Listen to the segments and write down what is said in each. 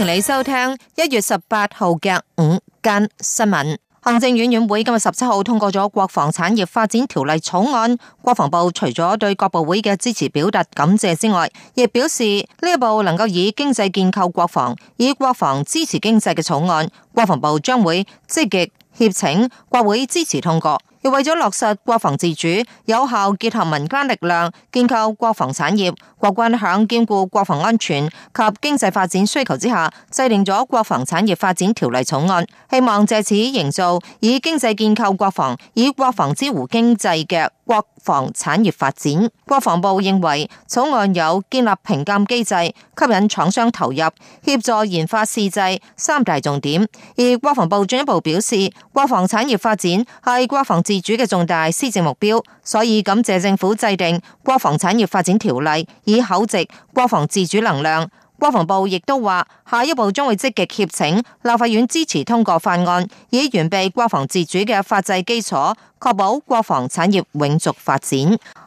歡迎你收聽一月十八號嘅午間新聞。行政院院會今日十七號通過咗國防產業發展條例草案。國防部除咗對各部會嘅支持表達感謝之外，亦表示呢一部能夠以經濟建構國防，以國防支持經濟嘅草案，國防部將會積極協請國會支持通過。又為咗落實國防自主，有效結合民間力量，建構國防產業，國軍響兼顧國防安全及經濟發展需求之下，制定咗《國防產業發展條例》草案，希望借此營造以經濟建構國防，以國防之湖經濟嘅國。國防產業發展，國防部認為草案有建立評鑑機制、吸引廠商投入、協助研發試製三大重點。而國防部進一步表示，國防產業發展係國防自主嘅重大施政目標，所以感謝政府制定《國防產業發展條例》，以厚植國防自主能量。國防部亦都話，下一步將會積極協請立法院支持通過法案，以完備國防自主嘅法制基礎，確保國防產業永續發展。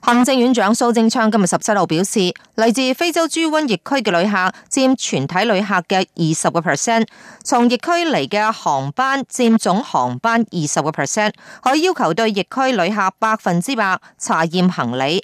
行政院長蘇貞昌今日十七號表示，嚟自非洲豬瘟疫區嘅旅客佔全體旅客嘅二十個 percent，從疫區嚟嘅航班佔總航班二十個 percent，可以要求對疫區旅客百分之百查驗行李。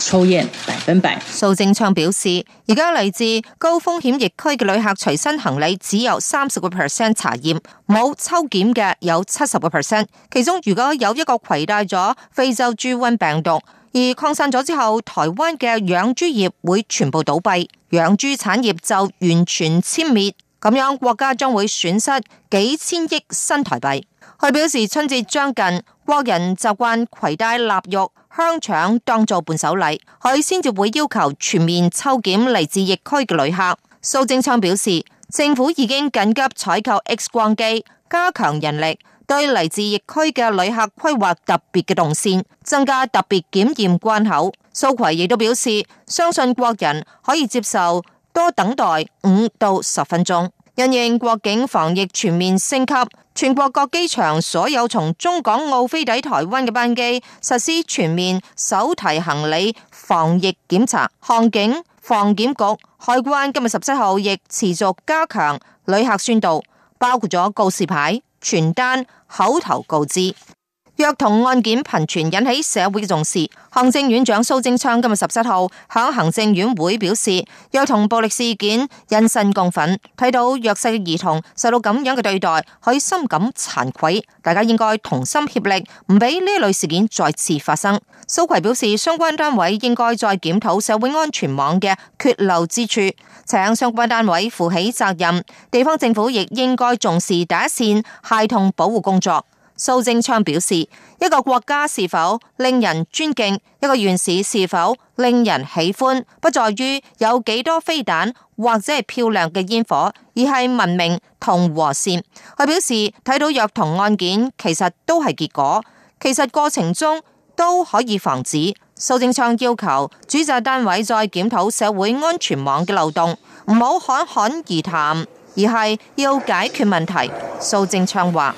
抽驗百分百，蘇正昌表示，而家嚟自高風險疫區嘅旅客隨身行李只有三十個 percent 查驗，冇抽檢嘅有七十個 percent。其中如果有一個攜帶咗非洲豬瘟病毒而擴散咗之後，台灣嘅養豬業會全部倒閉，養豬產業就完全殲滅，咁樣國家將會損失幾千億新台幣。佢表示春節將近，近，國人習慣攜帶臘肉。香腸當做伴手禮，佢先至會要求全面抽檢嚟自疫區嘅旅客。蘇貞昌表示，政府已經緊急採購 X 光機，加強人力，對嚟自疫區嘅旅客規劃特別嘅動線，增加特別檢驗關口。蘇揆亦都表示，相信國人可以接受多等待五到十分鐘。因應國境防疫全面升級，全國各機場所有從中港澳飛抵台灣嘅班機實施全面手提行李防疫檢查。航警、防檢局、海關今日十七號亦持續加強旅客宣導，包括咗告示牌、傳單、口頭告知。虐童案件頻傳，引起社會嘅重視。行政院長蘇貞昌今日十七號向行政院會表示，虐童暴力事件人神共憤，睇到弱勢嘅兒童受到咁樣嘅對待，佢深感慚愧。大家應該同心協力，唔俾呢一類事件再次發生。蘇揆表示，相關單位應該再檢討社會安全網嘅缺漏之處，請相關單位負起責任。地方政府亦應該重視第一線孩童保護工作。蘇貞昌表示，一個國家是否令人尊敬，一個縣市是否令人喜歡，不在於有幾多飛彈或者係漂亮嘅煙火，而係文明同和善。佢表示，睇到虐童案件，其實都係結果，其實過程中都可以防止。蘇貞昌要求主責單位再檢討社會安全網嘅漏洞，唔好侃侃而談，而係要解決問題。蘇貞昌話。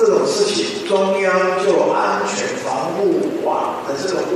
這種事情中央做安全防護的這什麼地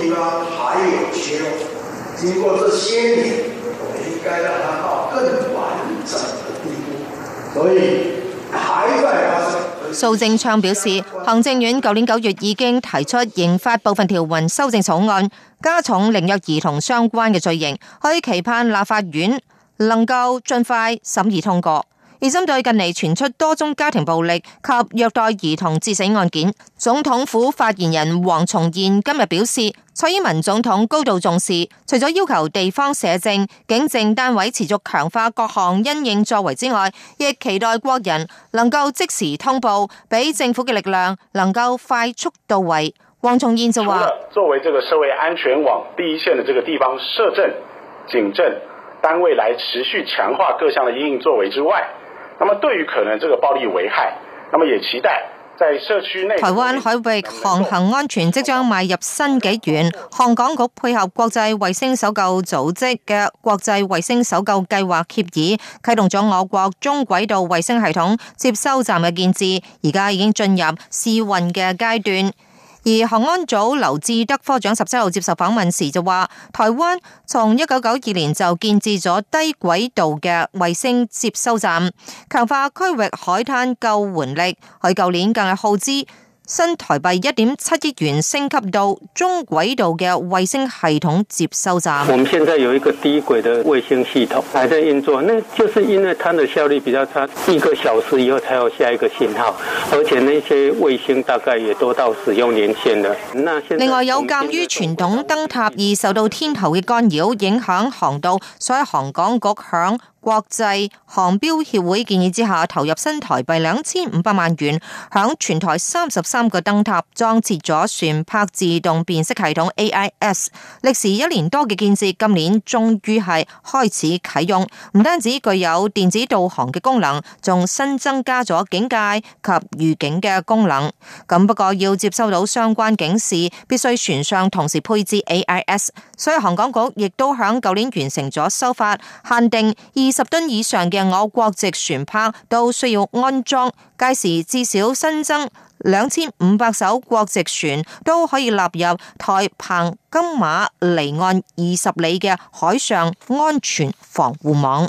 地方還有些年，我應該讓它到更完整的地步。所以，在、啊、蘇正昌表示，行政院去年九月已經提出刑法部分條文修正草案，加重凌虐兒童相關嘅罪刑，可以期盼立法院能夠盡快審議通過。針對近嚟傳出多宗家庭暴力及虐待兒童致死案件，總統府發言人黃重燕今日表示，蔡英文總統高度重視，除咗要求地方社政、警政單位持續強化各項因應作為之外，亦期待國人能夠即時通報，俾政府嘅力量能夠快速到位。黃重燕就話：作為這個社會安全網第一線嘅這個地方社政、警政單位，來持續強化各項嘅因應作為之外。咁啊，對於可能這個暴力危害，咁啊，也期待在社區內。台灣海域航行安全即將邁入新紀元。航港局配合國際衛星搜救組織嘅國際衛星搜救計劃協議，啟動咗我國中軌道衛星系統接收站嘅建設，而家已經進入試運嘅階段。而航安組劉志德科長十七號接受訪問時就話，台灣從一九九二年就建置咗低軌道嘅衛星接收站，強化區域海灘救援力。佢舊年更係耗資。新台幣一點七億元升級到中軌道嘅衛星系統接收站。我們現在有一個低軌的衛星系統，還在運作，那就是因為它的效率比較差，一個小時以後才有下一個信號，而且那些衛星大概也都到使用年限了。另外有鑒於傳統燈塔易受到天候嘅干擾影響航道，所以航港局響國際航標協會建議之下，投入新台幣兩千五百萬元，響全台三十三個燈塔裝設咗船舶自動辨識系統 AIS。歷時一年多嘅建設，今年終於係開始啟用。唔單止具有電子導航嘅功能，仲新增加咗警戒及預警嘅功能。咁不過要接收到相關警示，必須船上同時配置 AIS。所以航港局亦都響舊年完成咗修法，限定十噸以上嘅我國籍船舶都需要安裝，屆時至少新增兩千五百艘國籍船都可以納入台澎金馬離岸二十里嘅海上安全防護網。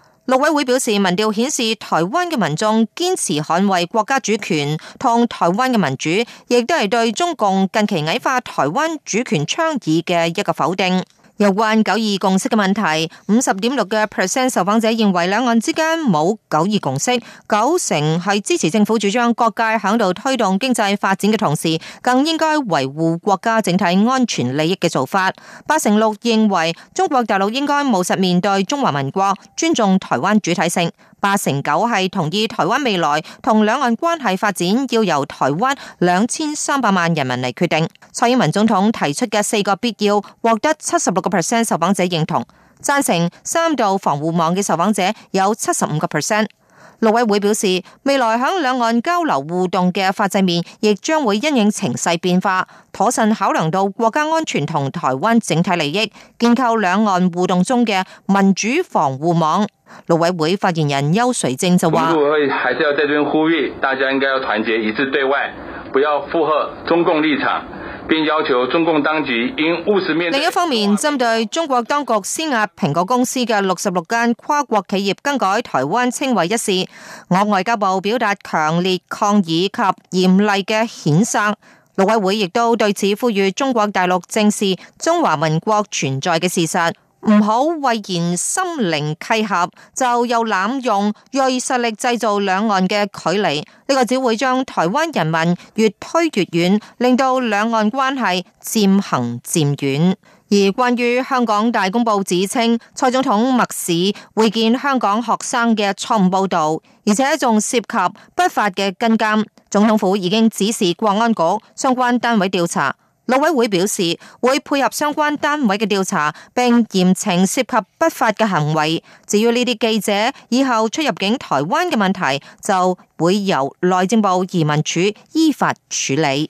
陸委會表示，民調顯示台灣嘅民眾堅持捍衛國家主權，同台灣嘅民主，亦都係對中共近期矮化台灣主權倡議嘅一個否定。有關九二共識嘅問題，五十點六嘅 percent 受訪者認為兩岸之間冇九二共識，九成係支持政府主張各界響度推動經濟發展嘅同時，更應該維護國家整體安全利益嘅做法。八成六認為中國大陸應該務實面對中華民國，尊重台灣主體性。八成九係同意台灣未來同兩岸關係發展要由台灣兩千三百萬人民嚟決定。蔡英文總統提出嘅四個必要獲，獲得七十六個 percent 受訪者認同，讚成三道防護網嘅受訪者有七十五個 percent。陸委會表示，未來喺兩岸交流互動嘅法制面，亦將會因應情勢變化，妥善考量到國家安全同台灣整體利益，建構兩岸互動中嘅民主防護網。陸委會發言人邱垂正就話：會呼籲，大家應該要團結一致對外，不要附和中共立場。要求中共當局應務實面，另一方面，針對中國當局施壓蘋果公司嘅六十六間跨國企業更改台灣稱謂一事，我外交部表達強烈抗議及嚴厲嘅譴責，陸委會亦都對此呼籲中國大陸正視中華民國存在嘅事實。唔好為然心靈契合，就又濫用銳實力製造兩岸嘅距離，呢、這個只會將台灣人民越推越遠，令到兩岸關係漸行漸遠。而關於香港大公報指稱蔡總統密使會見香港學生嘅錯誤報道，而且仲涉及不法嘅跟監，總統府已經指示國安局相關單位調查。陸委會表示，會配合相關單位嘅調查，並嚴懲涉及不法嘅行為。至於呢啲記者以後出入境台灣嘅問題，就會由內政部移民署依法處理。